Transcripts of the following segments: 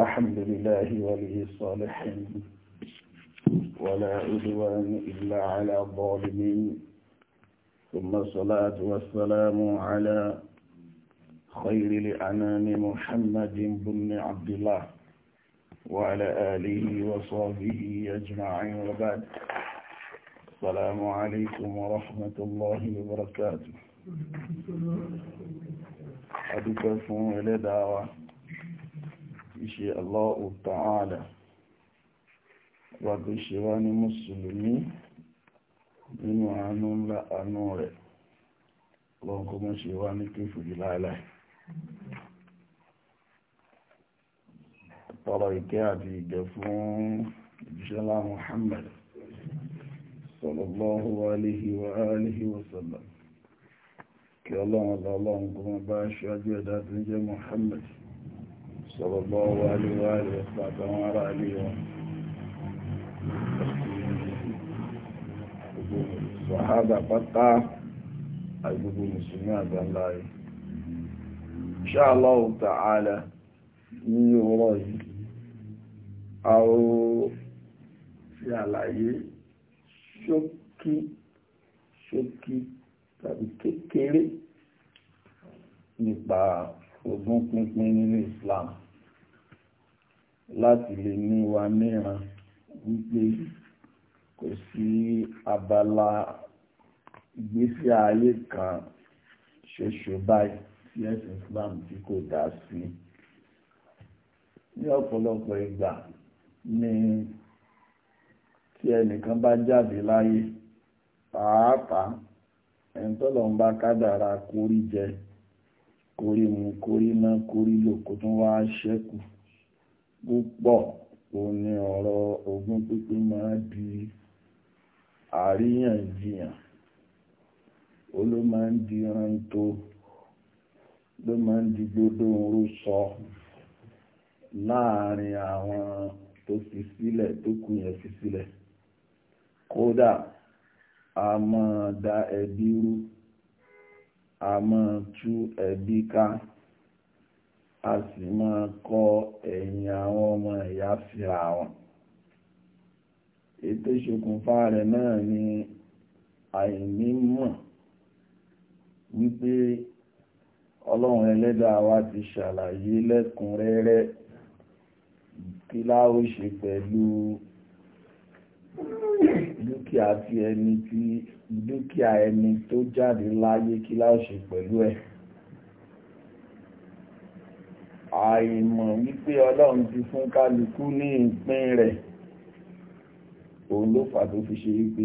الحمد لله ولي الصالحين ولا عدوان إلا على الظالمين ثم الصلاة والسلام على خير الأنام محمد بن عبد الله وعلى آله وصحبه أجمعين وبعد السلام عليكم ورحمة الله وبركاته أدوك إلى دعوة insha Allahu ta'ala wà tó ṣe wá ní mùsùlùmí nínú àánú ńlá àánú rẹ̀ lọ́n kó mọ́ ṣe wá ní kéfùrí láìláì tọrọ ìkẹ́ àti ìgẹ̀ fún ìjíṣẹ́lá Muhammad sallallahu alaihi wa alihi wa sallam kí ọlọ́run sọ̀rọ̀ bọ́ wà ní wà ní pàtàkì àwọn ará ilé wọn sọ̀hábà pátá àgbogbo mùsùlùmí àgbàlá rẹ̀ Insha Allah ta'ala ní ọ̀rọ̀ yìí a ó àlàyé ṣókí ṣókí tàbí kékeré nípa ogún pínpín nínú Islam láti lè ní wa níran wípé kò sí abala ìgbésí ayé kan ṣoṣo báyìí tí ẹ̀sìn Islam tí kò dá sí ní ọ̀pọ̀lọpọ̀ ìgbà ni tí ẹnìkan bá jáde láyé pàápàá ẹni tọ́lọ̀ ń bá kádàrá kórí jẹ kórí mu kórí ná kórí lò kó tún wá ṣẹ́kù púpọ̀ òun ni ọ̀rọ̀ ogún pínpín máa di àríyànjiyàn ó ló máa ń di rántó ló máa ń di gbogbo oró sọ láàrin àwọn tó fi sílẹ̀ tó kù yẹn fi sílẹ̀ kódà a máa da ẹbí rú a máa tú ẹbí ká a sì máa kọ ẹ̀yìn àwọn ọmọ ìyá síra wọn ètò ìṣokùnfà rẹ̀ náà ni àìnímọ̀ wípé ọlọ́run ẹlẹ́dàá wa ti ṣàlàyé lẹ́kùnrẹ́rẹ́ kí láó ṣe pẹ̀lú dúkìá ti ẹni tó jáde láyé kí ṣe pẹ̀lú ẹ̀ àìmọ̀ wípé ọlọ́run ti fún kálukú ní ìpín rẹ̀ òun ló fà tó fi ṣe wípé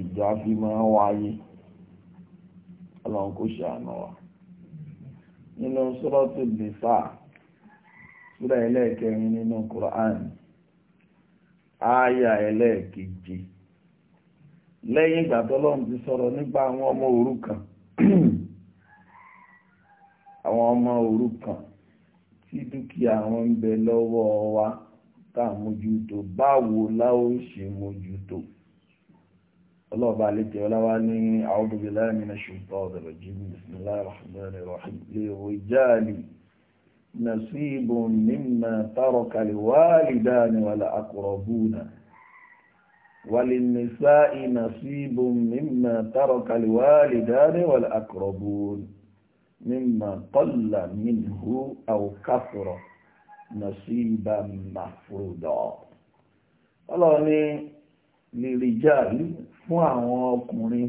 ìjà fi máa wáyé ọlọ́run kò àná wa nínú sọ́rọ́tù nìfà súra ẹlẹ́ẹ̀kẹrin nínú Qur'an ááyà ẹlẹ́ẹ̀keje lẹ́yìn ìgbà tọ́lọ́run ti sọ̀rọ̀ nípa àwọn ọmọ òrukàn àwọn ọmọ òrukàn tí dúkìá wọn ń bẹ lọ́wọ́ wa tá à mójútó báwo la ó ṣe mójútó ọlọ́ọ̀bá àlejò ọláwá ní a'udhu billahi minash shaitanir rajim bismillahir rahmanir rahim وللنساء نصيب مما ترك الوالدان والأقربون mímọ̀ kọ́là mínú àwòkáfọ̀rọ̀ nà sí ibà màfúrúdọ̀. ọlọ́run ní lìrìjáàlì fún àwọn ọkùnrin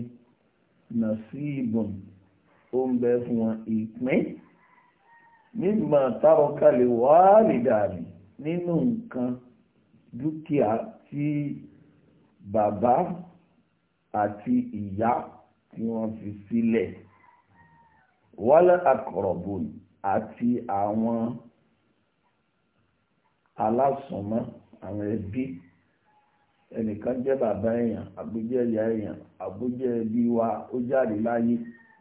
nà sí ibùn ó ń bẹ fún wọn ìpín mímọ̀ tárọ̀kálẹ̀ wàálìdàní nínú nǹkan dúkìá tí bàbá àti ìyá tí wọ́n fi sílẹ̀. Si wala akọ̀rọ̀bùn àti àwọn alásùnmọ́ àwọn ẹbí ẹnìkan jẹ́ bàbá èèyàn àbújẹ́ ìyá èèyàn àbújẹ́ ẹbí wa ó jáde láyé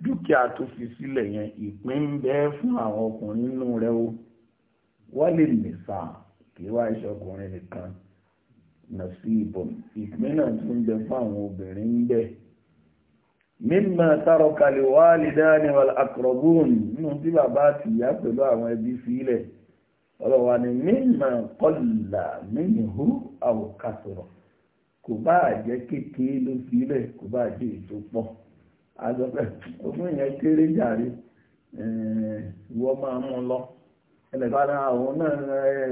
dúkìá tó fi sílẹ̀ yẹn ìpín ń fún àwọn ọkùnrin nínú rẹ̀ o wọ́n lè nìsà kí wá iṣẹ́ ọkùnrin nìkan nà sí ìbọn ìpín náà tún mímọ̀ tàrọkàlẹ̀ wà lìdáni wà àkọ̀rọ̀bùn nínú tí bàbá àti ìyá pẹ̀lú àwọn ẹbí sílẹ̀ ọlọ́wà ni mímọ̀ kọlà mínìhú àwòkàsọ̀rọ̀ kò bá jẹ́ kékeré ló sílẹ̀ kò bá jẹ́ ètò pọ̀ àgbẹ̀fẹ́ ogún yẹn kéré jàre ìwọ máa mú lọ ẹlẹ́gbàdá àwọn náà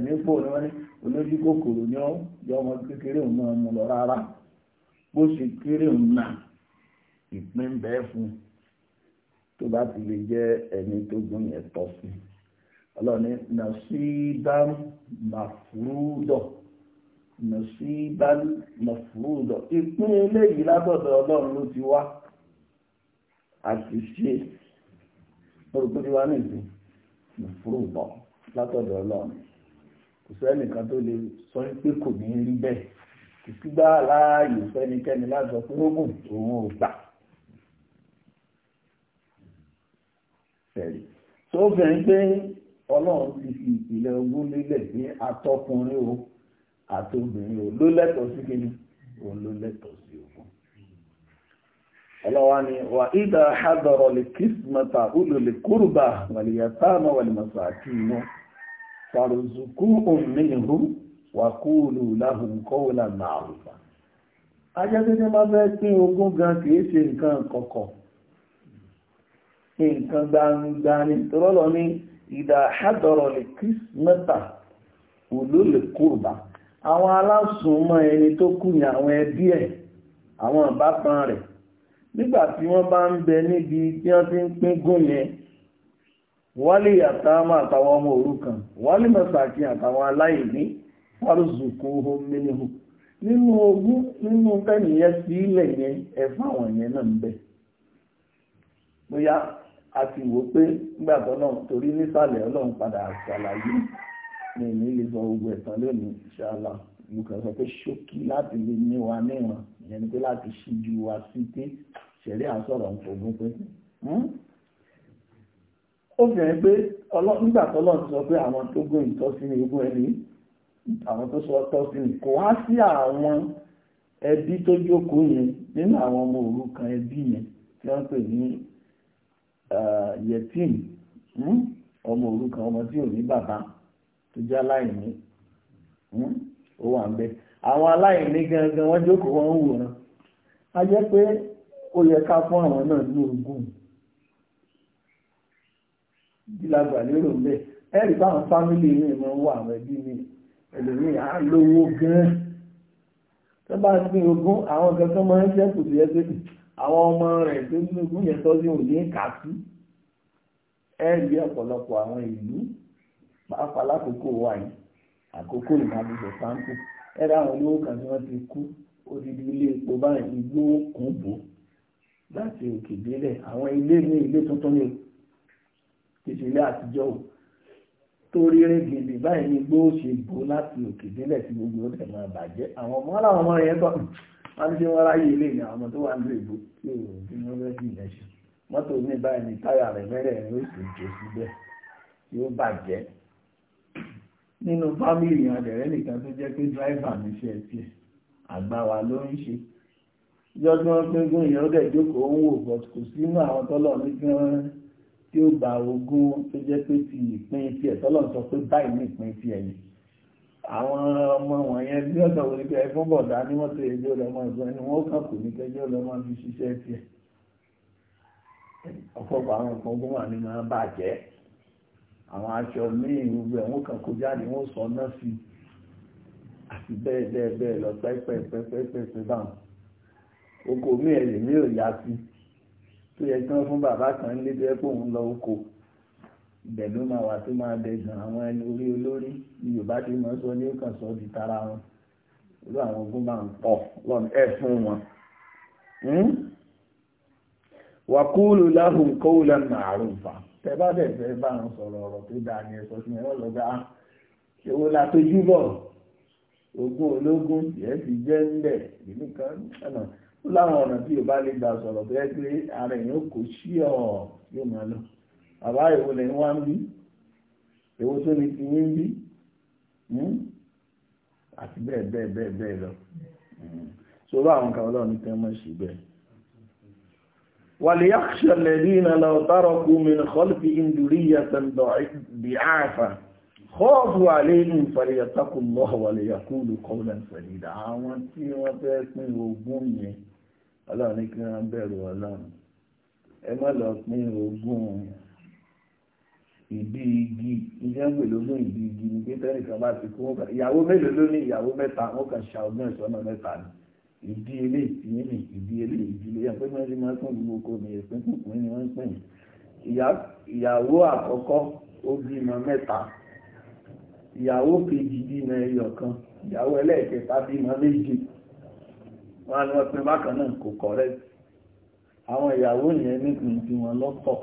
nípò ni wọ́n ní olójú kòkòrò ni ó yọ ọmọ kékeré òun máa mú lọ rárá bó ṣe kéré òun náà ìpín bẹ́ẹ̀ fún tó bá ti lè jẹ́ ẹni tó gún yẹn tọ́ sí ọlọ́ni nasiban mafurudọ̀ nasiban mafurudọ̀ ìpín eléyìí látọ̀dọ̀ ọlọ́run ló ti wá àti ṣe orúkọ tí wá nìyí mafurudọ̀ látọ̀dọ̀ ọlọ́run kò sẹ́nìkan tó lè sọ pé kò ní rí bẹ́ẹ̀ kò sígbà láàyè fẹ́nikẹ́ni láti sọ pé ó kù òun ò gbà. sẹ̀rí tó bẹ̀rẹ̀ pé ọlọ́run ti fi ìpìlẹ̀ ogún lílẹ̀ ní atọ́kùnrin o àtobìnrin o ló lẹ́tọ̀ọ́ sí kíni òun ló lẹ́tọ̀ọ́ sí ogún. ọlọ́wà ni wà ìdá àdọ̀rọ̀ lè kìsìmọ́ta olù lè kúrùbà wàlìyàtàmọ́ wàlìmọ̀sàkì wọn fàrùzùkú òmìnirú wà kúùlù láhùn kọ́wọ́lá màrùfà. ajẹ́gbẹ́dẹ́ máa fẹ́ pín ogún gan kìí ṣe nǹkan kọ̀kọ̀ nǹkan gbangba ni tọ́lọ́lọ́ ní ìdá àádọ́rọ̀ lè kírísímẹ́ta òló lè kúrùbà àwọn alásùnmọ́ ẹni tó kù ní àwọn ẹbí ẹ̀ àwọn ìbátan rẹ̀ nígbà tí wọ́n bá ń bẹ níbi tí wọ́n ti ń pín gùn yẹn wálé àtàwọn àtàwọn ọmọ òrukàn wálé mọ̀sàkì àtàwọn aláìní fárùsùkú homínú nínú ogún nínú tẹ́nìyẹ sílẹ̀ yẹn ẹ̀fọ́ àwọn yẹn náà ń bẹ bóyá a ti wò pé nígbà tó náà torí nísàlẹ̀ ọlọ́run padà ṣàlàyé ní ìní lè sọ gbogbo ẹ̀tàn lónìí ṣàlà lùkà sọ pé ṣókí láti lè ní wa níran ìyẹn ni pé láti ṣíjú wa sí pé ṣẹ̀rí à ń sọ̀rọ̀ ń fogún pé hmm? ó fi hàn pé nígbà tó lọ́run sọ pé àwọn tó gún ìtọ́sí ní ogún ẹni àwọn tó sọ tọ́sí ní kò wá sí àwọn ẹbí tó jókòó yẹn nínú àwọn ọmọ òrukàn ẹbí yẹn tí wọ́n pè ní Uh, yẹtìm hmm? ọmọ òrukàn ọmọ tí ò ní bàbá tó jẹ́ aláìní hmm? ó wà ń bẹ àwọn aláìní gangan wọ́n jókòó wọ́n ń wòran a jẹ́ pé ó yẹ ká fún àwọn náà ní ogún ìdílagbà lérò ń bẹ ẹ̀rí báwọn fámílì mi mọ́ wà àwọn ẹbí mi ẹlòmíì á lówó gan-an tó bá ń pín àwọn kan máa ń ṣẹ́kù tó yẹ pé àwọn ọmọ rẹ̀ tó ní ogún yẹn tọ́ sí òní kà sí ẹ rí ọ̀pọ̀lọpọ̀ àwọn ìlú pàápàá lákòókò wà yìí àkókò ìmọ̀lẹ́sẹ̀ sáńkù ẹ rí àwọn olówó kan tí wọ́n ti kú odidi ilé epo báyìí igbó kún bò láti òkè délẹ̀ àwọn ilé ní ilé tuntun ní títí ilé àtijọ́ ò torí rẹ́gìdì báyìí ní igbó ṣe bò láti òkè délẹ̀ tí gbogbo ó dẹ̀ máa bàjẹ́ àwọn ọmọ aláwọn ọmọ yẹn tọ́ wọ́n ní ṣé wọ́n ráyè ilé ní àwọn tó wà ń lè bó tí ò bí wọ́n fẹ́ bí ìyẹn ṣe mọ́tò ní báyìí ní táyà rẹ̀ mẹ́rẹ̀ ẹ̀rin ó sì jò síbẹ̀ tí ó bàjẹ́ nínú fámìlì yẹn àdẹ̀rẹ́ nìkan tó jẹ́ pé dráìvà mi ṣe ẹ̀ tiẹ̀ àgbà wa ló ń ṣe yọdún wọn pín gún ìyẹn ó jókòó ń wò bọ̀ kò sínú àwọn tọ́lọ̀ ní gan-an tí ó gba ogún tó jẹ́ pé ti ìpín tiẹ̀ tọ́lọ̀ sọ pé báyìí ní ìpín tiẹ̀ yìí àwọn ọmọ wọ̀nyẹn bí ọ̀dọ̀ wọlé pé ẹ̀fún bọ̀dá ní wọ́n tó ẹjọ́ lọ́mọ ìgbọ́n ni wọ́n kàn kò ní kẹjọ́ lọ́mọ fi ṣiṣẹ́ tiẹ̀ ọ̀pọ̀pọ̀ àwọn nǹkan ogun wà ní máa bàjẹ́ àwọn aṣọ míì gbogbo ẹ̀ wọ́n kàn kó jáde wọ́n sọ náà sí àti bẹ́ẹ̀ bẹ́ẹ̀ bẹ́ẹ̀ lọ pẹ́pẹ́pẹ́pẹ́pẹ́ báwọn oko míì ẹ̀yẹ̀ mi ò yá sí tó yẹ kí wọ́n fún bàbá kan níbi ẹ̀ pé lọ oko ibẹ̀ ló máa wà tó máa dẹ̀gàn àwọn ẹni orí olórí ni yorùbá ti máa sọ ní kàn sọ di tara wọn irú àwọn ogun máa ń pọ̀ lọ́nà ẹ̀ fún wọn. wàkúùlù láhùn kọ́wùlà màrúfà tẹ bá dẹ̀ fẹ́ bá wọn sọ̀rọ̀ ọ̀rọ̀ tó dáa ni ẹ̀sọ́ sí wọn lọ́gà ah, ṣòwò la tójú bọ̀ ogún ológun yẹn ti jẹ́ ńlẹ̀ ìlú kan ọ̀nà ó láwọn ọ̀nà tí yorùbá lè gbà sọ̀rọ̀ tó yẹ pé ara èèyàn kò sí ọ̀ yóò máa lọ bàbá èwo lẹ̀ ń wá ń bí èwo tó ní ti ń bí hmm? àti bẹ́ẹ̀ bẹ́ẹ̀ bẹ́ẹ̀ bẹ́ẹ̀ lọ hmm. sọ́rọ̀ àwọn kan ọlọ́run ní tẹ́mọ̀ sí bẹ́ẹ̀ وليخشى الذين لو تركوا من خلفهم ذرية ضعافا خافوا عليهم فليتقوا الله وليقولوا قولا سديدا àwọn tí wọ́n fẹ́ pín ogún yẹn ọlọ́run ní kí wọ́n bẹ̀rù ọlọ́run ẹ má lọ pín ogún yẹn ìdí igi iṣẹ́ ń pè lóṣù ìdí igi ní pé tẹ́lẹ̀ kan bá ti kú wọn kà ìyàwó mélòó ló ní ìyàwó mẹ́ta wọn kà ṣà ọgbọ́n ìṣọ́nà mẹ́ta ni ìdí ilé ìtìyín ni ìdí ilé ìdílé yẹn pé wọ́n ti máa ń pín gbogbo kò ní ìpín pínpín ni wọ́n ń pín ìyàwó àkọ́kọ́ ó bímọ mẹ́ta ìyàwó kejì bímọ ẹyọ kan ìyàwó ẹlẹ́ẹ̀kẹta bímọ méje wọn ni wọ́n pín bákan náà kò kọ̀rẹ́ àwọn ìyàwó yẹn nípìn tí wọ́n lọ́tọ̀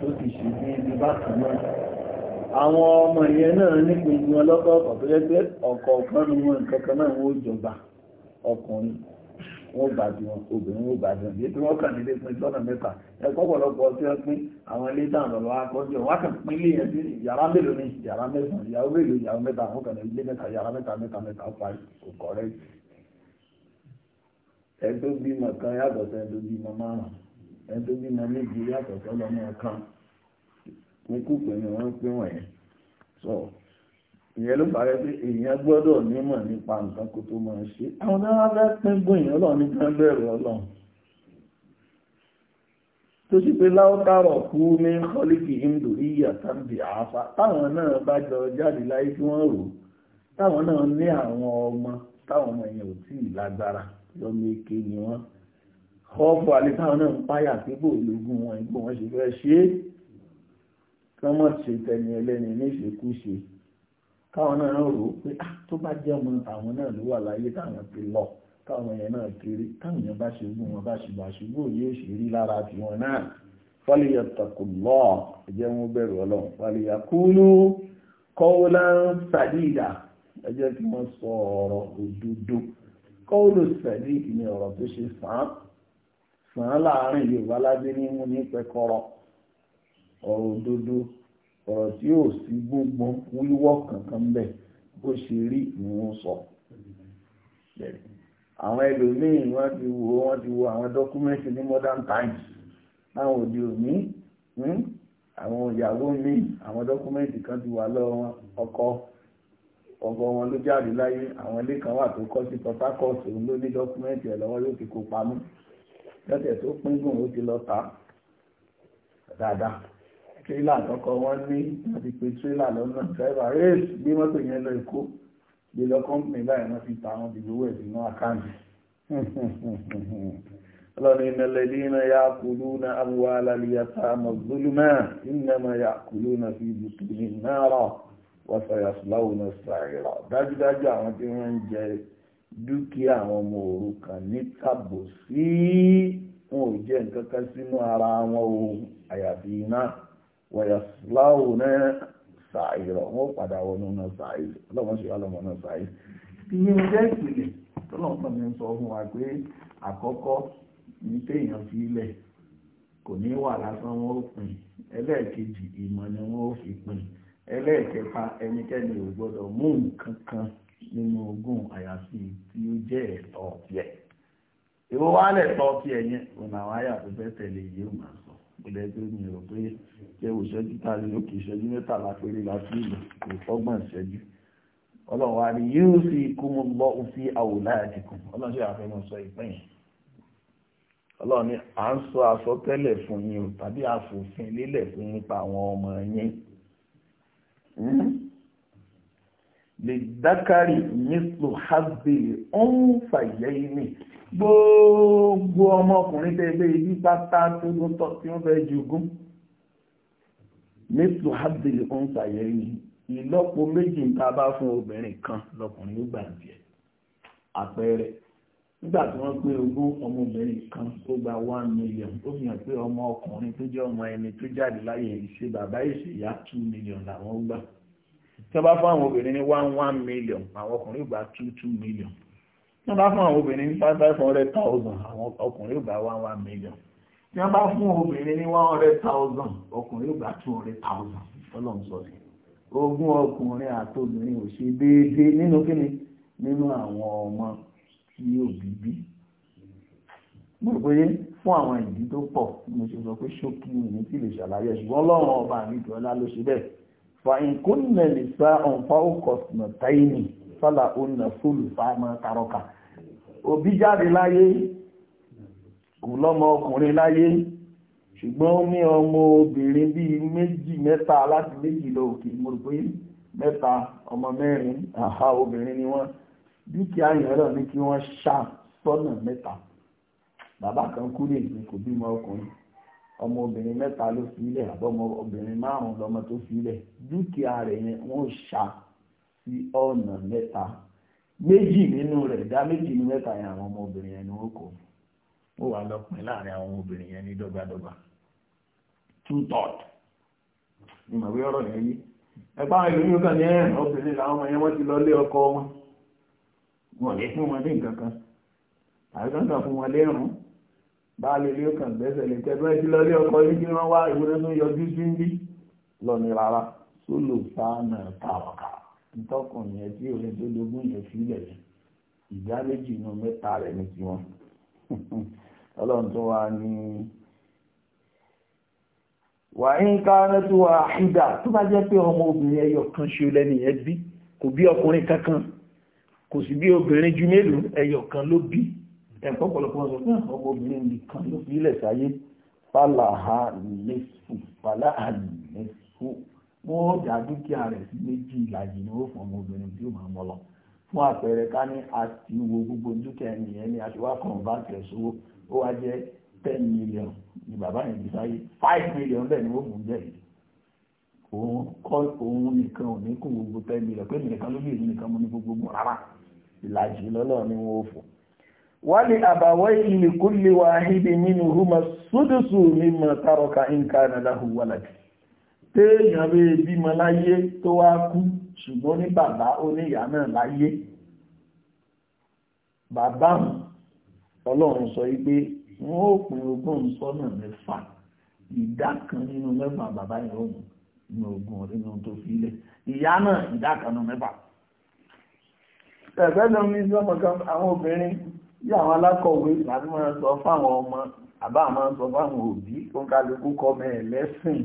tó ti ṣe ní ibi bákan náà àwọn ọmọ ìyẹn náà nípìn wọn lọ́kọ̀ọ̀kọ̀ tó jẹ́ pé ọ̀kọ̀ọ̀kan ní wọn nǹkan kan náà wọ́n jọba ọkùnrin wọ́n bá di wọn obìnrin wọ́n bá di wọn bí tí wọ́n kàn nílé pin lọ́nà mẹ́fà ẹ̀kọ́ pọ̀lọpọ̀ tí wọ́n pín àwọn ilé dáhùn lọ́wọ́ akọ́jọ́ wọ́n kàn pín ilé yẹn sí yàrá mélòó ní yàrá mẹ́fà yàrá mélòó yàrá mẹ́ta àwọn kan ilé mẹ́ta yàrá mẹ́ta mẹ́ta mẹ́ta ó parí kò kọ́rẹ́ ẹ̀ tó bímọ kan yàtọ̀ sẹ́ni tó bímọ márùn-ún ẹni tó bímọ méjì yàtọ̀ sọ́lọ́mọ kan ní kúkú ni wọ́n pín wọ̀nyẹn sọ ìyẹn ló parẹ́ pé èèyàn gbọ́dọ̀ nímọ̀ nípa nǹkan kó tó máa ṣe àwọn tó wá fẹ́ pín gún èèyàn lọ ní kan bẹ̀rù ọlọ́run tó sì pé láwọ́tàrọ̀ kú ní kọ́líkì hindu iyà tàbí àáfà táwọn náà bá jọ jáde láyé tí wọ́n rò táwọn náà ní àwọn ọmọ táwọn ọmọ yẹn ò tí ì lágbára lọ́mọ èké ni wọ́n kọ́ọ̀fù àlítàwọn náà ń páyà pé bò lógún wọn igbó wọn ṣe fẹ́ ṣe é kí wọ́n ṣe tẹni ẹlẹ́ni ní ìṣekúṣe káwọn náà rò ó pé ah tó bá jẹ́ ọmọ àwọn náà ló wà láyé táwọn ti lọ káwọn yẹn náà kéré káwọn yẹn bá ṣe gún wọn bá ṣe bá ṣe gbòòrò yóò ṣe rí lára tiwọn náà fọlíyà tọkùlọ ẹjẹ wọn bẹ̀rù Ọlọ́run fọlíyà kúlú kọwọlá sàdídà ẹjẹ kí wọn sọ ọ̀rọ̀ òdodo kọwọlù sàdídì ni ọ̀rọ̀ tó ṣe fàá ṣùgbọ́n láàárín yorùbá ládé ní mú ní pẹkọrọ ọ̀rọ̀ òdodo ọ̀rọ̀ tí ò sí gbogbo wíwọ́ kankan ń bẹ̀ bó ṣe rí ni wọ́n sọ. àwọn ẹlòmíín wọ́n ti wo wọ́n ti wo àwọn dọ́kúmẹ́ntì ní modern times láwọn òde òní hmm, àwọn ìyàwó mi àwọn dọ́kúmẹ́ntì kan ti wà lọ́wọ́ wọn ọkọ ọkọ wọn ló jáde láyé àwọn ilé kan wà tó kọ́ sí Port Harcourt òun ló ní dọ́kúmẹ́ntì ẹ̀ lọ́wọ́ yóò ti kó pamọ́. lọ́sẹ̀ tó pín gùn ó ti lọ tà dáadáa tírélà àkọ́kọ́ wọn ní wọ́n ti tírélà lọ́nà driver race gbé mọ́tò yẹn lọ Èkó gbé lọ kọ́mpìnì báyìí wọ́n fi ta àwọn ẹ̀ sínú àkáǹtì iná iná ya kúrú na abúwá aláliyàtà mọ̀gbólúmọ́ iná ya na fi bùtù ní náírà wọ́n sùláwù náà dájúdájú àwọn tí wọ́n ń jẹ dúkìá àwọn ọmọ oruka ní si wọn ò jẹ́ nǹkan sínú ara wọn o àyàfi iná wọ̀yàsíláwò náà sàìrọ̀ wọn padà wọnú náà sàìrọ̀ ọlọ́wọ́n ṣe ọlọ́mọ náà sàìrọ̀ ìyẹn jẹ́ ìpìlẹ̀ tọ́lọ́pọ̀ mi sọ fún wa pé àkọ́kọ́ ní téèyàn fi wà lásán wọn ó pin ẹlẹ́ẹ̀kejì ìmọ̀ ni wọn ó fi pin ẹlẹ́ẹ̀kẹta ẹnikẹ́ni nínú ogún àyàfi tí ó jẹ́ ẹ̀tọ́ tiẹ̀ ìwọ wá lẹ̀tọ́ tiẹ̀ yẹn ọ̀nà àwọn àyà tó fẹ́ tẹ̀lé yìí ó máa sọ ilẹ̀ tó ní ọ̀rọ̀ pé jẹ́ òṣẹ́jú tàbí òkè ìṣẹ́jú mẹ́tàlá péré láti ìlú kò fọ́gbọ̀n ìṣẹ́jú ọlọ́run wa ni yóò sì kú mú bọ́ òfin awladikum ọlọ́run sì àfẹ́mọ́ sọ ìpín yìí ọlọ́run ni à ń sọ àsọtẹ́lẹ̀ fún yín o tàbí àfòfin lélẹ̀ fún nípa àwọn ọmọ yín hmm? lè dákàrí mísù hasbili ọ̀hún fàyẹ́ ìní gbogbo ọmọkùnrin tẹ́gbẹ́ ibi pátá tó ń tọ́ tí wọ́n fẹ́ jogún mísù hasbili ọ̀hún fàyẹ́ ìní ìlọ́po méjì ń ta bá fún obìnrin kan lọkùnrin ó gbà jẹ àpẹẹrẹ nígbà tí wọ́n pé ogún ọmọbìnrin kan ó gba one million ó fi hàn pé ọmọ ọkùnrin tó jẹ́ ọmọ ẹni tó jáde láyé ìṣe bàbá ìṣèyá two million làwọn gbà tí wọ́n bá fún àwọn obìnrin ní one one million àwọn ọkùnrin gba two two million tí wọ́n bá fún àwọn obìnrin ní five five hundred thousand àwọn ọkùnrin gba one one million tí wọ́n bá fún obìnrin ní one hundred thousand ọkùnrin gba two hundred thousand ọlọ́run sọ sí ogún ọkùnrin àtobìnrin ò ṣe déédéé nínú kíni nínú àwọn ọmọ tí yóò bí bí mo rò pé fún àwọn ìdí tó pọ̀ mo ṣe sọ pé ṣókí mi ní tí lè ṣàlàyé ṣùgbọ́n ọlọ́run ọba mi jọlá ló ṣe bẹ́ẹ̀ فإن كن نساء فوق اثنتين فلهن ثلث ما ترك òbí jáde láyé òun lọ́mọ ọkùnrin láyé ṣùgbọ́n ó ní ọmọ obìnrin bíi méjì mẹ́ta láti méjì lọ òkè mo rò pé mẹ́ta ọmọ mẹ́rin àha obìnrin ni wọ́n dúkìá ìrẹ́rọ̀ ní kí wọ́n ṣá sọ́nà mẹ́ta bàbá kan kú ní ìgbìnkò bímọ ọkùnrin ọmọbìnrin mẹ́ta ló filẹ̀ àbọ̀mọbìnrin márùn-ún lọ́mọ tó filẹ̀ dúkìá rẹ̀ yẹn wọ́n ṣà sí ọ̀nà mẹ́ta méjì nínú rẹ̀ dá méjì ní mẹ́ta yẹn àwọn ọmọbìnrin yẹn ni wọ́n ó wà láàrin àwọn obìnrin yẹn ní dọ́gbadọ́gba two third ni màwé ọ̀rọ̀ yẹn yí ẹgbẹ́ àwọn ìlú obìnrin ti lọ lé ọkọ wọn lè fún wọn ní nǹkan kan fún wọn báàlì ilé kan gbẹ́sẹ̀ lè tẹ́tọ́ ẹ ti lọ ilé ọkọ yín kí wọ́n wá ìwúrẹ́ tó yọjú sí ń bí lọ́ni rárá tó lò sáànà tàwàkà ntọ́kùnrin yẹn tí òun tó lógún yẹn sílẹ̀ yẹn ìdá méjì inú mẹ́ta rẹ̀ ní tiwọn ọlọ́run tó wá ní wà ń kárẹ́ tó wà ìdá tó bá jẹ́ pé ọmọ obìnrin ẹyọ kan ṣe lẹ́nu yẹn bí kò bí ọkùnrin kankan kò sì bí obìnrin ju mélòó ẹyọ kan ló bí ẹ̀kọ́ pọ̀lọpọ̀ sọ fún ah, ọmọ obìnrin nìkan ló fi ilẹ̀ sáyé fàlàhà lẹ́sù fàlàhà lẹ́sù wọ́n dá dúkìá rẹ̀ sí méjì ìlàjì ni ó fún ọmọ obìnrin tí ó máa mọ́ lọ fún àpẹẹrẹ ká ní a ti wo gbogbo dúkìá ẹnìyẹn ni a ti wá kọ̀ǹbáǹtì ẹ̀sọ́wọ́ ó wá jẹ́ ten million ni bàbá yẹn ti sáyé five million bẹ́ẹ̀ ni ó mú jẹ́ yìí òun kọ́ òun nìkan ò ní kó gbogbo ten million pé nìkan ló bí èmi nìkan mo ní gbogbo rárá ìlàjì lọ́lọ́ ni wọ́n fò wali àbàwọ́yí ní kúlè wà áhìdì nínú rúmọ̀ sódùsù mímọ̀ tàrọkà nǹkan àdàláhù wàlàdì téèyàn rẹ̀ bímọ láyé tó wá kú ṣùgbọ́n ní bàbá oníyà náà láyé bàbá ọlọ́run sọ wípé wọ́n ó pín ogún sọ́nà mẹ́fà ìdá kan nínú mẹ́fà bàbá yẹn ó mú nínú ogún nínú tó filẹ̀ ìyá náà ìdá kan nínú mẹ́fà ẹ̀fẹ́ lọ́mí sọ́mọ kan àwọn obìnrin bí àwọn alákọ̀wé láti máa sọ fáwọn ọmọ àbá máa sọ fáwọn òbí tó ń kálukú kọ́ mẹ́ẹ̀ lẹ́sìn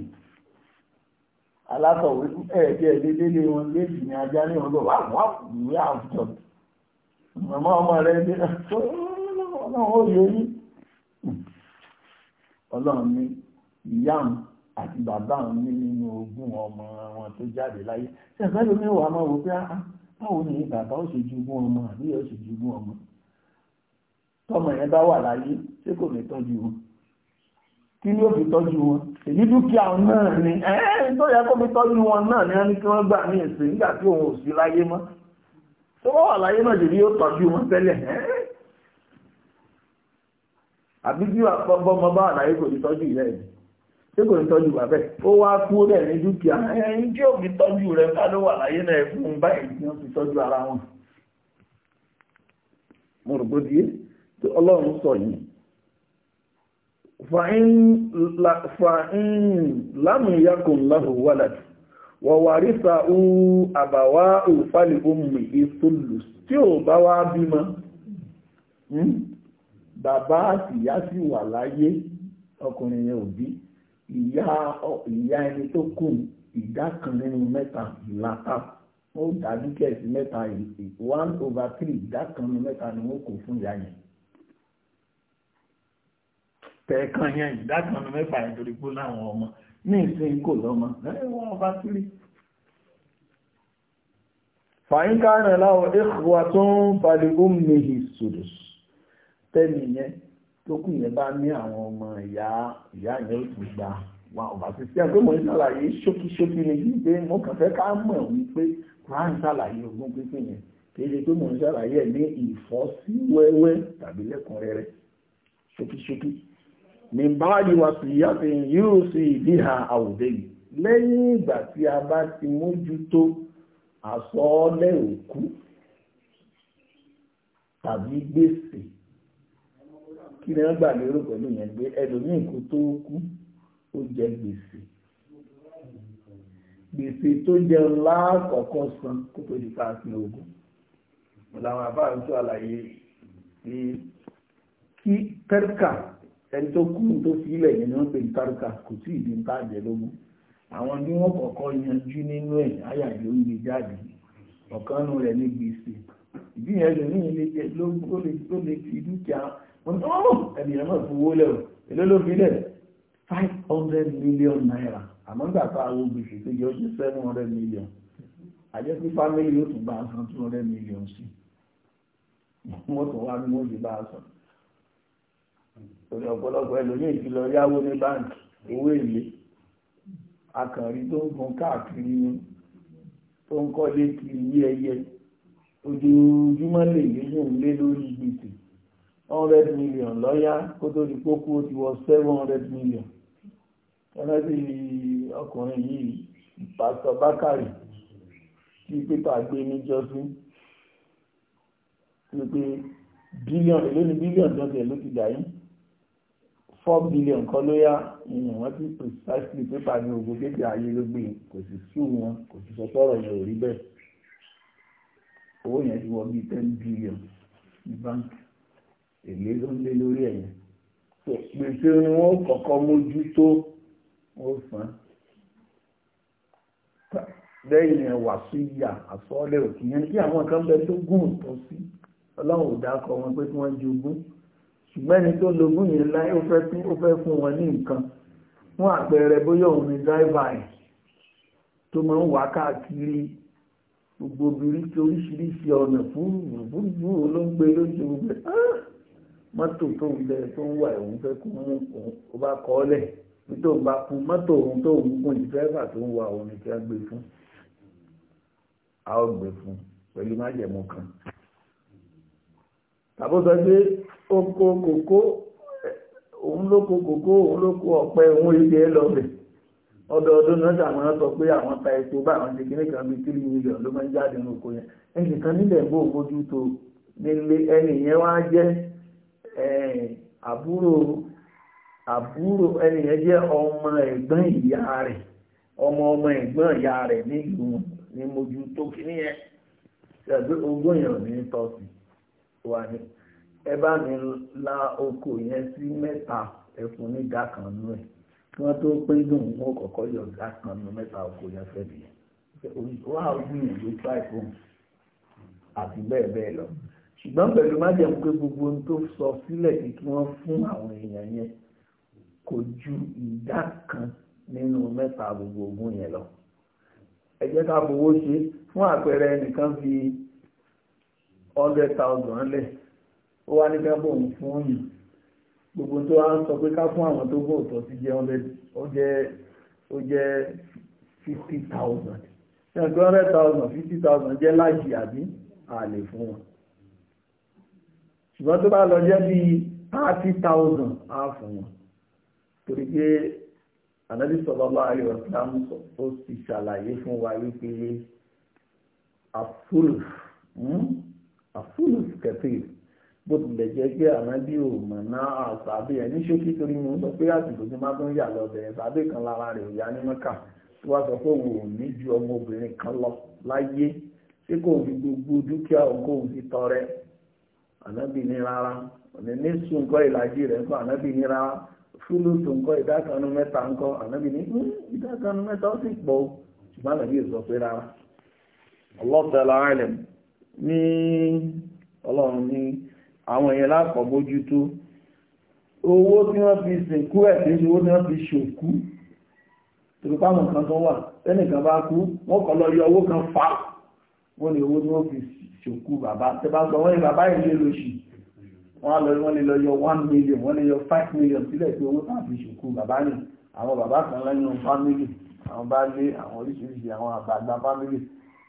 alákọ̀wé ẹ̀ẹ́dí ẹ̀dí lé wọn léèdì ní ajá ní ọgbọ̀n wà wọ́n ìwé àwùjọ màmá ọmọ rẹ̀ ní ọlọ́run ó yẹ yí ọlọ́run ní ìyá àti bàbá òun ní nínú ogún ọmọ wọn tó jáde láyé ṣe ìfẹ́ lómi wà máa wò pé ah, ah, báwo ni bàbá ó ṣe jogún ọmọ àbí ó ṣe jogún ọmọ tọmọ yẹn bá wà láyé ṣé kò ní tọ́jú wọn kí ni ó fi tọ́jú wọn èyí dúkìá náà ni ẹ̀ẹ́n tó yẹ kó fi tọ́jú wọn náà ni wọ́n ní kí wọ́n gbà ní èsì nígbà tí òun ò sí láyé mọ́ tó bá wà láyé náà jèbí yóò tọ́jú wọn tẹ́lẹ̀ ẹ̀ẹ́ àbí bí ọmọ bá wà láyé kò ní tọ́jú ìyá ẹ̀ ṣé kò ní tọ́jú bàbá ẹ̀ ó wá kú ó dẹ̀ ní dúkìá ẹ̀yìn tí ò fi tọ́jú rẹ̀ ká ló wà láyé náà fún báyìí tí wọ́n fi tọ́jú ara wọn mo rò bó di yé tí ọlọ́run sọ yìí fa'in lamun yakun lahu walad wa warisa u abawa òfàlì omi ìsúlù tí ò bá wá bímọ hmm, bàbá àti ìyá sì wà láyé ọkùnrin yẹn ò bí ìyá ẹni tó kù ìdá kan nínú mẹ́ta ìlàta ó dájú kẹ́ẹ̀sì mẹ́ta one over three ìdá mẹ́ta ni wọ́n kò fún ìyá yẹn tẹ̀ẹ̀kan yẹn ìdákan ní mẹ́fà yẹn torí pé láwọn ọmọ ní ìsìn kò lọ́mọ ẹ̀wọ̀n ọba sílẹ̀. fàyínká rẹ̀ láwọ̀ ẹ̀kọ́ tó ń falẹ̀ omnihi sùdùs tẹ́lẹ̀ yẹn tó kù yẹn bá ní àwọn ọmọ ìyá ìyá yẹn ó ti gba wa ọba sísí àgbẹ̀ mọ̀ ìṣàlàyé ṣókíṣókí ni yìí pé mo kàn fẹ́ ká mọ̀ wípé kùrán ṣàlàyé ogún pínpín yẹn kì pé mo ń ṣàlàyé ẹ̀ ní ìfọ́síwẹ́wẹ́ tàbí lẹ́kùnrẹ́rẹ́ ṣókíṣókí min báyìí wà sí yàtì yóò sí ìdíhà àwùdé yìí lẹ́yìn ìgbà tí a bá ti mójútó àsọọ́lẹ̀ òkú tàbí gbèsè kí ni wọ́n gbà lérò pẹ̀lú yẹn gbé ẹlòmíì kó tó kú ó jẹ gbèsè gbèsè tó jẹ ńlá kọ̀ọ̀kan san kó tó di pàṣẹ ogun làwọn àbá ń tó àlàyé ní kí pẹ́ríkà ẹni tó kú tó sílẹ̀ yẹn ni wọ́n pè ní tárúkà kò tí ì di ń tàjẹ́ lógún àwọn bí wọ́n kọ́kọ́ yanjú nínú ẹ̀ ayàdé oúnjẹ jáde ọ̀kan nù rẹ̀ ní gbèsè ìbíyẹn lò ní ilé jẹ ló lè fi dúkìá ẹnìyàn náà fowó lẹ̀ èló ló fi lẹ̀ five hundred million naira àmọ́ nígbà tá a wo gbèsè tó jẹ́ ó seven hundred million àjẹ́ pé fámìlì yóò tún bá two hundred million sí wọ́n tún wá ní wọ́n ti bá a san torí ọ̀pọ̀lọpọ̀ ẹlòmíì ti lọ yáwó ní báńkì owó èlé akànrí tó ń gun káàkiri ni tó ń kọ́lé kiri ilé ẹyẹ ojoojúmọ́ lè léyìn lé lórí gbèsè one hundred million lọ́yá kó tó di pókú ó ti wọ seven hundred million ẹlẹ́sì ọkùnrin yìí pásítọ̀ bákàrì tí pépà gbé níjọ́sí pé bílíọ̀nù lónìí bílíọ̀nù tó ń tẹ̀ ló ti dà yín four billion kan ló yá ìyẹn wọ́n ti precisely pépà ní ogun kéde ayé ló gbé kò sì sú wọn kò sì sọ sọ́rọ̀ yẹn ò rí bẹ́ẹ̀ owó yẹn ti wọ bíi ten billion ní báńkì èlé ló ń lé lórí ẹ̀yìn gbèsè ni wọ́n kọ́kọ́ mójútó wọ́n fún un lẹ́yìn ẹ̀ wà sí ìyà àsọ́ọ́lẹ̀ òkè yẹn kí àwọn kan bẹ tó gùn tó sí ọlọ́run ò dákọ̀ wọn pé kí wọ́n jogún ṣùgbọ́n ẹni tó logún yẹn láì ó fẹ́ fún wọn ní nǹkan fún àpẹẹrẹ bóyá òun ni dáìvà ẹ̀ tó máa ń wà káàkiri gbogbo obìnrin tí oríṣiríṣi ọ̀nà fúrúfúrú ló ń gbé lójú gbogbo ah! mọ́tò tó ń bẹ tó ń wà òun fẹ́ kó mú òun ó bá kọ́ ọ́ lẹ̀ tó ń bá kú mọ́tò òun tó ń gún ìdírẹ́fà tó ń wa òun ni kí á gbé fún a ó gbé fún pẹ̀lú májẹ̀mú kan tàbó sọ pé oko kòkó òun ló ko kòkó òun ló ko ọ̀pẹ òun ilé lọ́bẹ̀ ọdọọdún náà sàmọ́ sọ pé àwọn ta epo bá àwọn ṣe kíní kan bíi tírí mílíọ̀n ló máa ń jáde ní oko yẹn ẹnì kan nílẹ̀ bó bójú tó nílé ẹnì yẹn wá jẹ́ àbúrò àbúrò ẹnì yẹn jẹ́ ọmọ ẹ̀gbọ́n ìyá rẹ̀ ọmọ ọmọ ẹ̀gbọ́n ìyá rẹ̀ ní ìlú ní mojú tó kíní yẹn ṣàgbé ogún yẹn ní tọ́sí wa ni ẹ bá mi la oko yẹn sí mẹ́ta ẹ̀fún ní ìdá kan nú ẹ̀ kí wọ́n tó pín dùn wọn kọ̀ọ̀kọ́ yọ ìdá kan nú mẹ́ta oko yẹn fẹ́ mi wá gbìyànjú tíráì fún àti bẹ́ẹ̀ bẹ́ẹ̀ lọ ṣùgbọ́n pẹ̀lú májẹ̀mú pé gbogbo ohun tó sọ sílẹ̀ kí wọ́n fún àwọn èèyàn yẹn kò ju ìdá kan nínú mẹ́ta gbogbo ogún yẹn lọ ẹ jẹ́ ká fowó ṣe fún àpẹẹrẹ ẹnìkan fi hundred thousand lẹ̀ ó wá ní kábọ̀ òun fún yìí gbogbo tó wá ń sọ pé ká fún àwọn tó gbòòtọ́ sí jẹ́ hundred ó fifty thousand ṣe two hundred thousand fifty thousand jẹ́ láìsí àbí àlè fún wọn ṣùgbọ́n tó bá lọ jẹ́ bíi thirty thousand á fún wọn torí pé ànábì sallallahu alaihi wasallam ó ti ṣàlàyé fún wa wípé àfúrù àfúlùsì kẹfìrì bó tilẹ̀ jẹ́ pé ànábì ò mọ̀ náà àṣàbí ẹ̀ ní ṣókí torí mo sọ pé àsìkò tí má tó ń yà lọ bẹ̀rẹ̀ ṣàbí kan lára rẹ̀ ò yá ní mẹ́kà tí wàá sọ pé òun ò ní ju ọmọbìnrin kan lọ láyé ṣé kò fi gbogbo dúkìá òun kò fi tọrẹ ànábì ní rárá òní ní sùn nǹkan ìlàjì rẹ̀ ńkọ́ ànábì ní rárá fúlùsù nǹkan ìdákanu mẹ́ta ńkọ́ ànábì ní hmm, ìdákanu mẹ́ta ó sì pọ̀ ṣùgbọ́n ànábì ní ọlọ́run ní àwọn èèyàn lápọ̀ bójútó owó tí wọ́n fi sìnkú ẹ̀ tí owó tí wọ́n fi ṣòkú tòlùpáwọn kan tó wà tẹ́nìkan bá kú wọ́n kọ̀ lọ yọ owó kan fa wọ́n ní owó tí wọ́n fi ṣòkú bàbá tẹ́ bá sọ wọ́n ní bàbá ìlú lóṣì wọ́n lọ wọ́n lè lọ yọ one million wọ́n lè yọ five million sílẹ̀ tí owó tàbí ṣòkú bàbá ní àwọn bàbá kan lẹ́yìn family àwọn bá lé àwọn oríṣiríṣi àwọn àgbààgbà family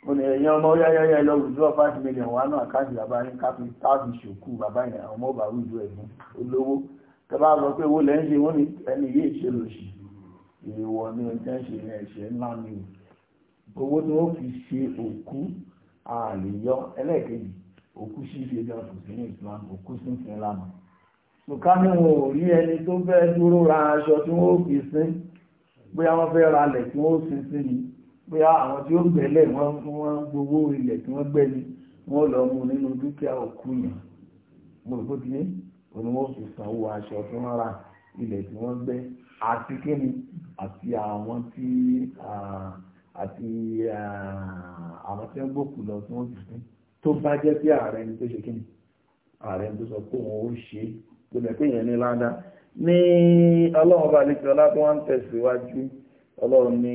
èèyàn ọmọ yáyáyá lọ wùdúrọ̀ five million wà náà káàdì bàbá yín káàdì táàbì ṣòkú bàbá yẹn àwọn ọmọọba wùdú ẹ̀gbọ́n olówó tọ́ba sọ pé owó lẹ́ ń ṣe wọ́n ní ẹni yìí ṣe lòṣì èèwọ̀ ni ẹ̀jẹ̀ ṣe ní ẹ̀ṣẹ̀ ńlá ni o owó ni wọ́n fi ṣe òkú àlèyọ ẹlẹ́ẹ̀kejì òkú ṣíṣe gan kò sí ní Islam òkú sínsìn lánà ṣùkà ni wọn ò rí ẹni tó fẹ́ dúró ra aṣọ tí wọ́n fi sín bóyá wọ́n fẹ́ ra lẹ̀ tí wọ́n sin sí ni pé àwọn tí ó gbẹ̀lẹ̀ wọ́n gbowó ilẹ̀ tí wọ́n gbẹ́ ni wọ́n lọ mú nínú dúkìá òkú yẹn mo rò bóti ní òní wọ́n fi sanwó aṣọ tí wọ́n ra ilẹ̀ tí wọ́n gbẹ́ àti kíni àti àwọn tí àti àwọn tí wọ́n gbòkú lọ tí wọ́n jù sí tó bá jẹ́ pé ààrẹ ni tó ṣe kíni ààrẹ ni tó sọ pé òun ó ṣe tó pé èèyàn ní ládàá ní ọlọ́run bá lè fi ọlá tó wọ́n ń tẹ̀síwájú ọlọ́run ní.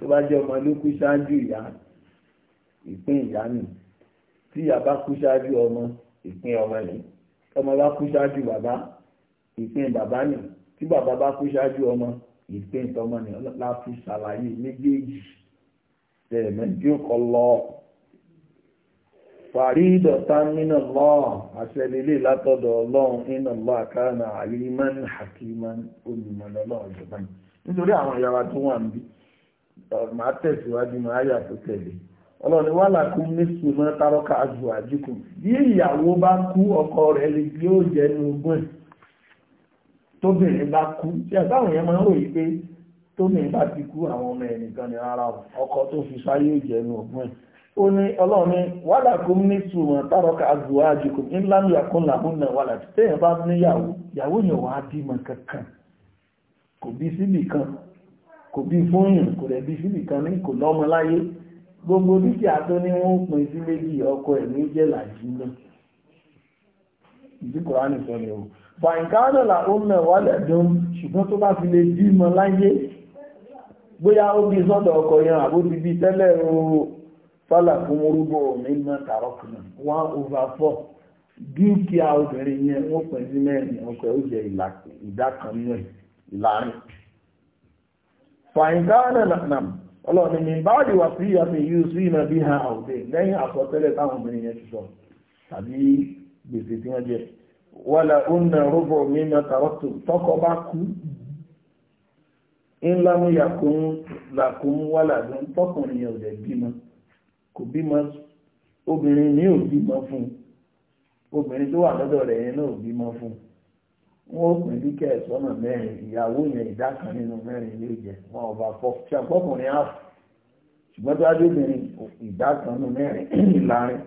tó bá jẹ́ ọmọ ló kú ṣáájú ìyá ìpín ìyá nì tí ìyá bá kú ṣáájú ọmọ ìpín ọmọ nì ọmọ bá kú ṣáájú bàbá ìpín bàbá nì tí bàbá bá kú ṣáájú ọmọ ìpín tọmọ nì la fi ṣàlàyé méjèèjì tẹ̀mẹ́jì kọ́ lọ fàrídọ̀tá nínú lọ́ọ̀ àṣẹlélé látọ̀dọ̀ ọlọ́run iná lọ́ọ̀ kánà àlímán hakiman olùmọ̀lọ́lọ́ ìjọba nítorí àwọn ìyára tó wà níbi màá tẹ̀síwájú màá yà tó tẹ̀lé ọlọ́run ni wàhálà kú mẹ́sù mọ́ tárọ́kà àjò àjíkù bí ìyàwó bá kú ọkọ rẹ̀ lè bí ó jẹ́ ní ogún ẹ̀ tóbìnrin bá kú tí àtàwọn èèyàn máa ń ròyìn pé tóbìnrin bá ti kú àwọn ọmọ ẹnìkan ni rárá ọkọ tó fi sáyé jẹ́ ní ogún ẹ̀ ó ní ọlọ́run ni wàhálà kú mẹ́sù mọ́ tárọ́kà àjò àjíkù ńlá ní àkún làbún náà wàhálà tí téèyàn bá níyàwó ìyàwó yẹn wàá bímọ kò bí fóònù kò rẹ̀ bí síbì kan ní kò lọ́mọ láyé gbogbo dúkìá tó ní wọ́n pín sí méjì ọkọ ẹ̀ ní jẹ́ làjí ìdí kòránì sọ ni o fàìkádọ̀là ó mẹ́wàá lẹ́dùn ṣùgbọ́n tó bá fi lè bímọ láyé bóyá ó bí sọ́dọ̀ ọkọ̀ yẹn àbó ti bí tẹ́lẹ̀ o fálà fún orúgbọ̀ mímọ́ tàrọkùnà one over four dúkìá obìnrin yẹn wọ́n pín sí mẹ́rin ọkọ ẹ̀ ó jẹ́ ìdá kan náà ìlàrin fàìdánà nàà ọlọ́ni mi bá lè wà sí àfihàn yìí sí ìnà bí ha àwùjẹ́ lẹ́yìn àsọtẹ́lẹ̀ táwọn obìnrin yẹn ti tàbí gbèsè tí wọ́n jẹ wàlà ọ̀nà rọ́bọ̀ mi na tàrọ́tù tọkọ bá kú ńlá mú yàkún làkún wàlà dùn tọkùnrin yẹn ò dẹ̀ bímọ kò bímọ obìnrin ní ò bímọ fún obìnrin tó wà lọ́dọ̀ rẹ̀ yẹn náà ò fún un wọ́n pè dúkìá ìsọ́nà mẹ́rin ìyàwó yẹn ìdá kan nínú mẹ́rin ilé jẹ wọn ọba fọ ṣàpọ̀kùnrin áàfù ṣùgbọ́n tó adébìnrin ìdá kan nínú mẹ́rin ìlàrin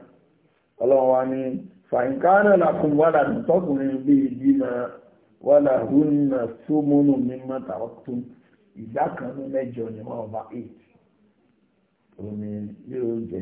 ọlọ́run wa ní fàǹkánà làkùn wàdà tọkùnrin bí ibi náà wàdà húnà sómúnù mímọ́ tàwọ́tún ìdá kan nínú mẹ́jọ ni wọn ọba eight omi yóò jẹ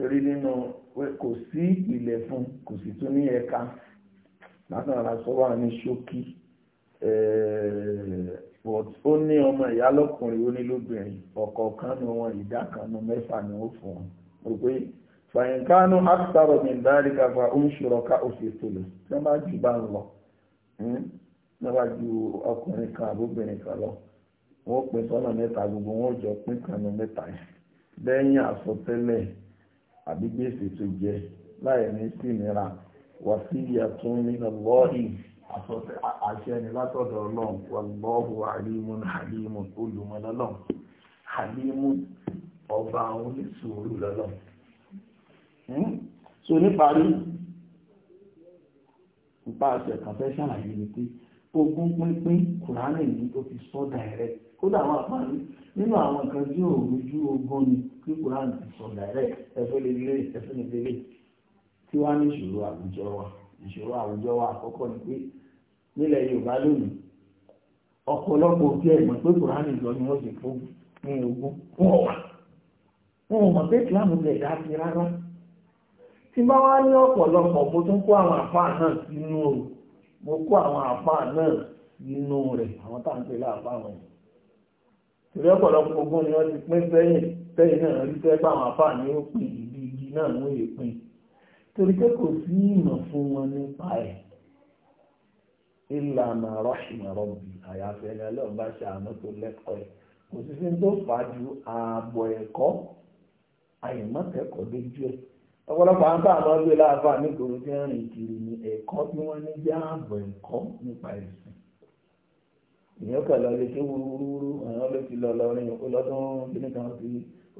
torí nínú kò sí ilẹ̀ fún kò sì tún ní ẹ̀ka látàn ara sọ wà ní ṣókí ó ní ọmọ ìyá lọ́kùnrin ó ní lóbìnrin ọ̀kọ̀ọ̀kan nu wọn ìdá kan nu mẹ́fà ni ó fún wọn rò pé fàyínkánú ákítàrọ̀ mi dárí káfa ó ń ṣòro ká òfin tòlù tí wọ́n bá jù bá ń lọ hmm, wọ́n bá ju ọkùnrin kan àbóbìnrin kan lọ wọ́n pín sọ́nà mẹ́ta gbogbo wọn ò jọ pín kan nu mẹ́ta yẹn lẹ́yìn àsọtẹ́lẹ̀ àbí gbèsè tó jẹ láì ní sí ìnira wà sí ìyà tó ń rí lọ́ọ̀rì àṣẹ ni látọ̀dọ̀ ọlọ́run wallahu alimun halimun olùmọ̀ lọ́lọ́run halimun ọba àwọn oníṣòro lọ́lọ́run hmm? so níparí nípa àṣẹ kan fẹ́ ṣàlàyé ni pé ogún pínpín kùránì ní tó fi sọ dàrẹ kódà àwọn àpárí nínú àwọn kan tí ò rújú ogún ni tí quran sọ direct ẹfẹ́ lè lé ẹfẹ́ tí wàá ní ìṣòro àwùjọ wa ìṣòro àwùjọ wa àkọ́kọ́ ni pé nílẹ̀ yorùbá lónìí ọ̀pọ̀lọpọ̀ òkè ẹ̀mọ̀ pé quran ìjọ ni wọ́n ṣe fún ní ogún fún ọ̀wà wọn ò pé islam lè dá rárá tí bá wá ní ọ̀pọ̀lọpọ̀ mo tún kó àwọn àfáà náà sínú o mo kó àwọn àfáà náà sínú rẹ̀ àwọn táwọn pẹ̀lú wọn torí ogún ni wọ́n ti pín sẹ́yìn tẹ́yìn náà rí tẹ́ báwọn afáàní ó pin ìdí igi náà wọ́n èè pin torí pé kò sí ìmọ̀ fún wọn nípa ẹ̀ ìlànà rọ́ṣìmọ̀rọ̀ bì àyàfi ẹni ọlọ́run bá ṣe àánú tó lẹ́kọ̀ọ́ ẹ̀ kò sí sí tó fà á ju ààbọ̀ ẹ̀kọ́ àyèmọ́kẹ́kọ̀ọ́ lójú ẹ̀ ọ̀pọ̀lọpọ̀ àwọn tá àwọn ọgbẹ́ láàfáà nígboro tí wọ́n rìn kiri ní ẹ̀kọ́ tí wọ́n ní jẹ́ ààbọ̀ ẹ̀kọ́ nípa ẹ̀sìn ìyẹn kọ̀ lọ lè ṣe wúrúwúrú àwọn ọlọ́ọ̀ ti lọ lọ rìn olọ́dún kìnnìkan ti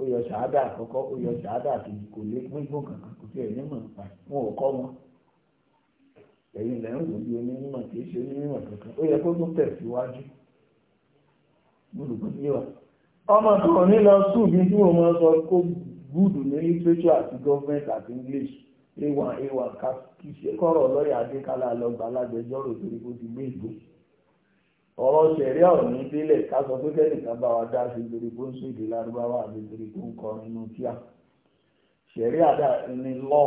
oyọ yọ akọkọ àkọ́kọ́ ó yọ ṣàádà kò lé gbígbón kankan kò tiẹ̀ nímọ̀ nípa wọn ò kọ́ wọn ẹ̀yin lẹ́ ń wòye onímọ̀ kì í ṣe kankan ó yẹ kó tún tẹ̀síwájú yẹwà ọmọ ní lọ sùn bí tí mo máa sọ kó gbúdù ní àti àti English a one a one ọ̀rọ̀ ṣẹ̀rí ọ̀rọ̀ ní délẹ̀ ká sọ pé kẹ́nìkan bá wa dá sí torí bó ń sún èdè lárúbáwá àti torí tó ń kọrin inú tíà ṣẹ̀rí àdá ni lọ́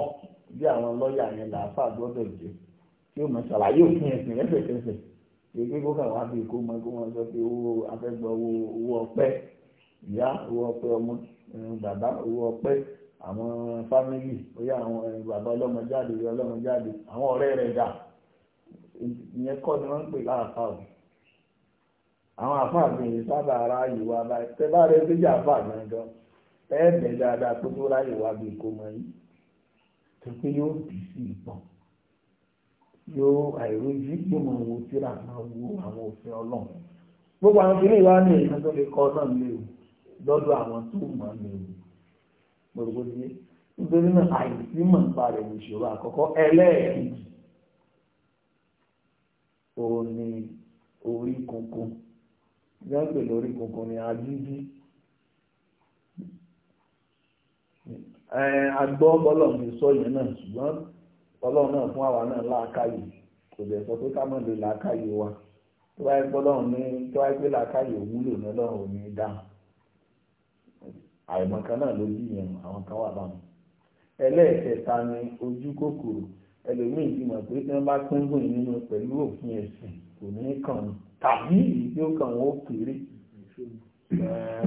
bí àwọn lọ́ọ̀yà yẹn làáfà gbọ́dọ̀ jẹ́ tí ó mọ̀ ṣàlàyé òfin ẹ̀sìn lẹ́sẹ̀kẹsẹ̀ èké kó kà wá bí kó mọ kó mọ sọ pé owó afẹ́gbọ́ owó ọpẹ́ ìyá owó ọpẹ́ ọmọ bàbá owó ọpẹ́ àwọn fámìlì bóyá àwọn bàbá ọlọ́mọjáde ọlọ́mọjáde àwọn ọ̀rẹ́ rẹ̀ dà ìyẹn kọ́ ni wọ́n ń pè láàfà àwọn àfáà mi yìí sábà ara yìí báyìí tẹ bá rẹ gbéjà àfáà gangan ẹ bẹ dáadáa kó tó ráyè wá bí kò mọ yìí tó pé yóò bì sí ìpọn yóò àìrójú yóò mọ owó tíra máa wo àwọn òfin Ọlọ́run gbogbo àwọn kìnìún ìwà ní èyí tó lè kọ náà lé o lọ́dọ̀ àwọn tó mọ̀ ní o gbogbo yìí nítorí náà àìsí mọ̀ nípa rẹ̀ ìṣòro àkọ́kọ́ ẹlẹ́ẹ̀kejì òun ni orí kunkun gbẹ́ǹpè lórí kankan ni agídí agbọ́ bọ́lọ́run ti sọ yẹn náà ṣùgbọ́n ọlọ́run náà fún àwa náà láàkáyè kò dẹ̀ sọ pé ká má lè làákàyè wa tó bá yẹ bọ́lọ́run ní tó bá yẹ pé làákàyè wúlò ní ọlọ́run ò ní í dáhùn àìmọ̀ kan náà ló bí yẹn àwọn kan wà báwọn ẹlẹ́ẹ̀kẹta ni ojú kòkòrò ẹlòmíì ti mọ̀ pé tí wọ́n bá pín gùn nínú pẹ̀lú òfin ẹ̀sìn kò ní í kàn án tàbí èyí tí ó kàn wọ́n kéré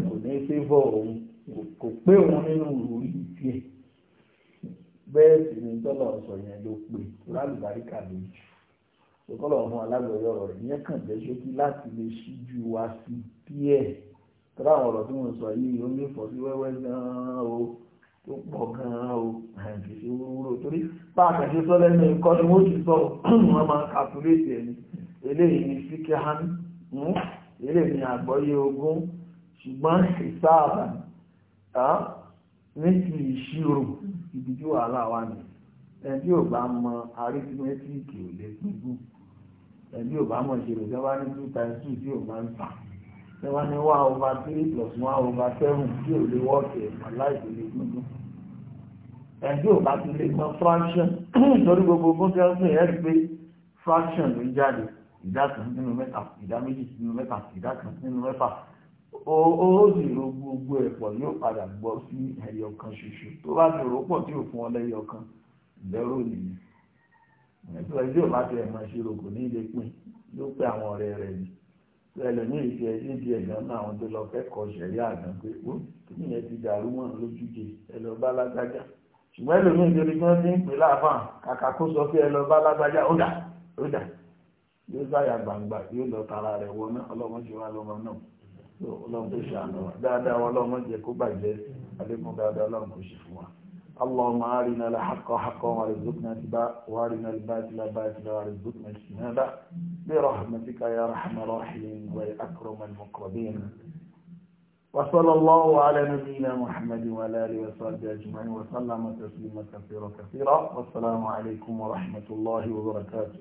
kò ní ṣe bọ̀ òun kò pé òun nínú orí tiẹ̀ bẹ́ẹ̀ sì ni tọ́lọ̀ sọ yẹn ló pé lálùbáríkà ló jù sọkọlọ ọmọ alágbèrè ọ̀rọ̀ rẹ̀ yẹn kàn jẹ́ ṣókí láti lè ṣíjú wa sí díẹ̀ tọ́lá àwọn ọ̀rọ̀ tí mo sọ yìí ó ní ìfọ́sí wẹ́wẹ́ gan-an o tó pọ̀ gan-an o kì í torí bá a kàn ṣe sọ lẹ́nu ẹ̀kọ́ ni wọ́n ti sọ wọ́n máa kàtúrẹ́tì ẹ̀ eléyìí ni fíkẹ́hán mú hmm? eléyìí ni àgbọ́yé ogún ṣùgbọ́n ìsáàbà ní ti ìṣirò ibi tí wàhálà wà ní ẹni tí ò bá mọ arítmẹ́tíìkì ò lè gbígbùn ẹni ò bá mọ̀ ìṣirò tí wọ́n ní two times two tí ò máa ń fà tí ní one over three plus one over seven tí ò lè wọ́ọ̀kì ẹ̀mọ́ láìpẹ́ lè gbígbùn ẹni tí ò bá ti lè mọ fraction lórí gbogbo ogún tí wọ́n sì ẹ́ rí pé fraction ló ń jáde ìdá kan nínú mẹ́ta ìdá méjì nínú mẹ́ta ìdá kan nínú mẹ́fà ó sì ro gbogbo ẹ̀ pọ̀ yóò padà gbọ́ sí ẹyọ kan ṣoṣo tó bá ti rò pọ̀ tí ò fún ọ lẹ́yọ kan ìbẹ̀rù nìyí ẹ̀tọ́ ẹjọ́ bá ti ẹ̀mọ ìṣirò kò ní ilé pín yóò pé àwọn ọ̀rẹ́ rẹ̀ ni tó ẹlòmíì ti ẹjẹ́ di ẹ̀gbọ́n náà àwọn tó lọ kẹ́kọ̀ọ́ ṣẹ̀rí àgbọn pé ó kíyẹn ti dàrú mọ́ lójúde ẹ lọ bá lágbájá ṣùgbọ́n ẹlòmíì torí gan ní ìpínlẹ̀ àfà kàkà kó sọ pé ẹ lọ bá lágbájá ó dà ó dà yóò sáyà gbangba yóò lọ tara rẹ̀ wọ náà ọlọ́mọ ṣe wá lọ́mọ náà tó ọlọ́mọ tó ṣàánú wa dáadáa wọn ọlọ́mọ jẹ kó bàjẹ́ àlékún dáadáa ọlọ́mọ kò ṣe fún wa. اللهم أرنا الحق حقا وارزقنا اتباعه وأرنا الباطل باطلا وارزقنا اجتنابه برحمتك يا أرحم الراحمين ويا أكرم المقربين وصلى الله على نبينا محمد وعلى اله وصحبه اجمعين وسلم تسليما كثيرا كثيرا والسلام عليكم ورحمه الله وبركاته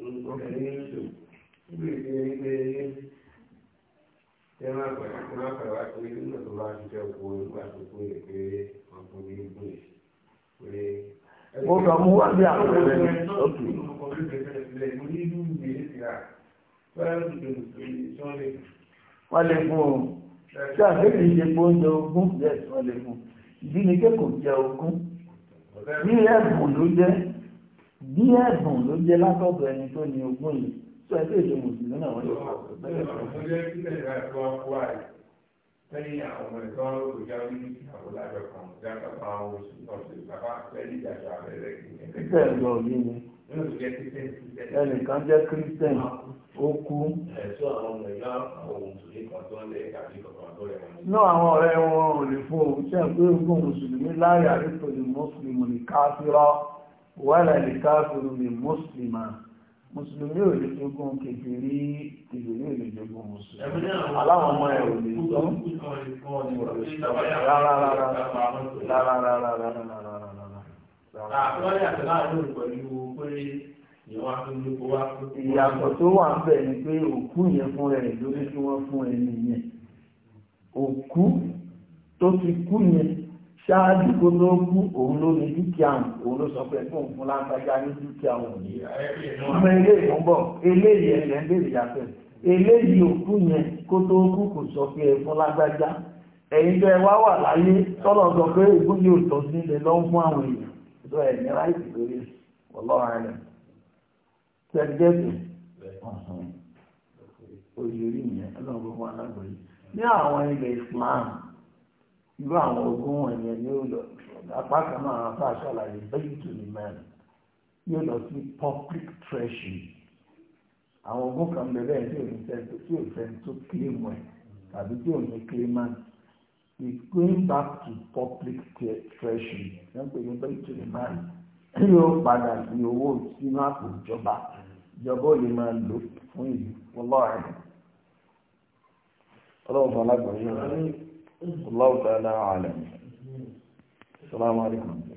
Ṣé máa pẹ̀lú máa pẹ̀lú wá pé nígbà tó bá ṣiṣẹ́ oko nígbà tó kó lè pé ọkùnrin ní ìgbò yìí pé. Mo kàn mú wá bí àpẹẹrẹ ní ọ̀kì. Wọ́n lè fún un. Ṣé àgbẹ̀bí ṣe gbóúnjẹ ogún? Bẹ́ẹ̀ wọ́n lè fún un. Ìdí ni kẹ́kọ̀ọ́ jẹ ogún. Ní ẹ̀bùn ló jẹ́ bí ẹ̀bùn ló jẹ́ látọ̀dọ̀ ẹni tó ní ogún yìí tó ẹ lè lè mùsùlùmí náà wọ́n yóò fọ́ bẹ́ẹ̀ lọ. ọ̀sán jẹ́ kílẹ̀ ìlà ẹ̀kọ́ wà yìí lẹ́yìn àwọn ọmọ ẹ̀kọ́ kò já orí ìyàwó lábẹ́ kan jáde àwọn oṣù ọ̀sẹ̀ bàbá lẹ́yìn ìjàjà abẹ́rẹ́ ìgbìyànjú. ẹnìkan jẹ́ kírísítẹ̀n ó kú. ẹ̀sùn àwọn ọmọ ìyá àwọn mùsùlùmí kan tó ń lé tàbí kankan tó rẹ̀ wọn. náà àwọn ọ̀rẹ́ wọn ò lè fún òun tí a gbé ogún mùsùlùmí láàyè àdìpọ̀ ní mùsùlùmí káfírà wàhálà lè káfíru lè mùsùlùmá mùsùlùmí ò lè jogún kékeré kèbèrè ò lè jogún mùsùlùmí aláwọn ọmọ ẹ ò lè jogún ìyàtọ̀ tó wà ń bẹ̀ ni pé òkú yẹn fún rẹ̀ lórí kí wọ́n fún ẹni yẹn òkú tó ti kú yẹn ṣáájú kó tó kú òun ló ní dúkìá òun ló sọ pé fún òun lágbájá ní dúkìá òun yìí ọmọ eléyìí ń bọ̀ eléyìí ẹ̀rẹ̀ ń bèrè yàtọ̀ eléyìí òkú yẹn kó tó kú kò sọ pé ẹ fún lágbájá ẹ̀yin tó ẹ wá wà láyé tọ́lọ̀ sọ pé ìbú yóò tọ́ sí ilẹ̀ lọ́n fún àwọn èèyàn tó ẹ̀ ní láìsí lórí ọlọ́run rẹ̀ tẹ́lifíṣẹ̀ òṣèré yẹn ọlọ́run àwọn ilẹ̀ Islam irú àwọn ogún wọ̀nyẹn yóò lọ apá kan náà apá àṣàlàyé bẹ́yì tó lè mẹ́rin yóò lọ sí public treasury àwọn ogún kan bẹ̀rẹ̀ tí ò ní fẹ́ tí ò fẹ́ tó kílímù ẹ̀ tàbí tí ò ní kílímù is going back to public treasury wọ́n pè ní bẹ́yì tó lè mẹ́rin yóò padà sí owó sínú àpò ìjọba ìjọba ò lè máa lò fún ìlú ọlọ́run ọlọ́run ọlọ́gbọ̀n yóò rẹ̀. والله تعالى أعلم السلام عليكم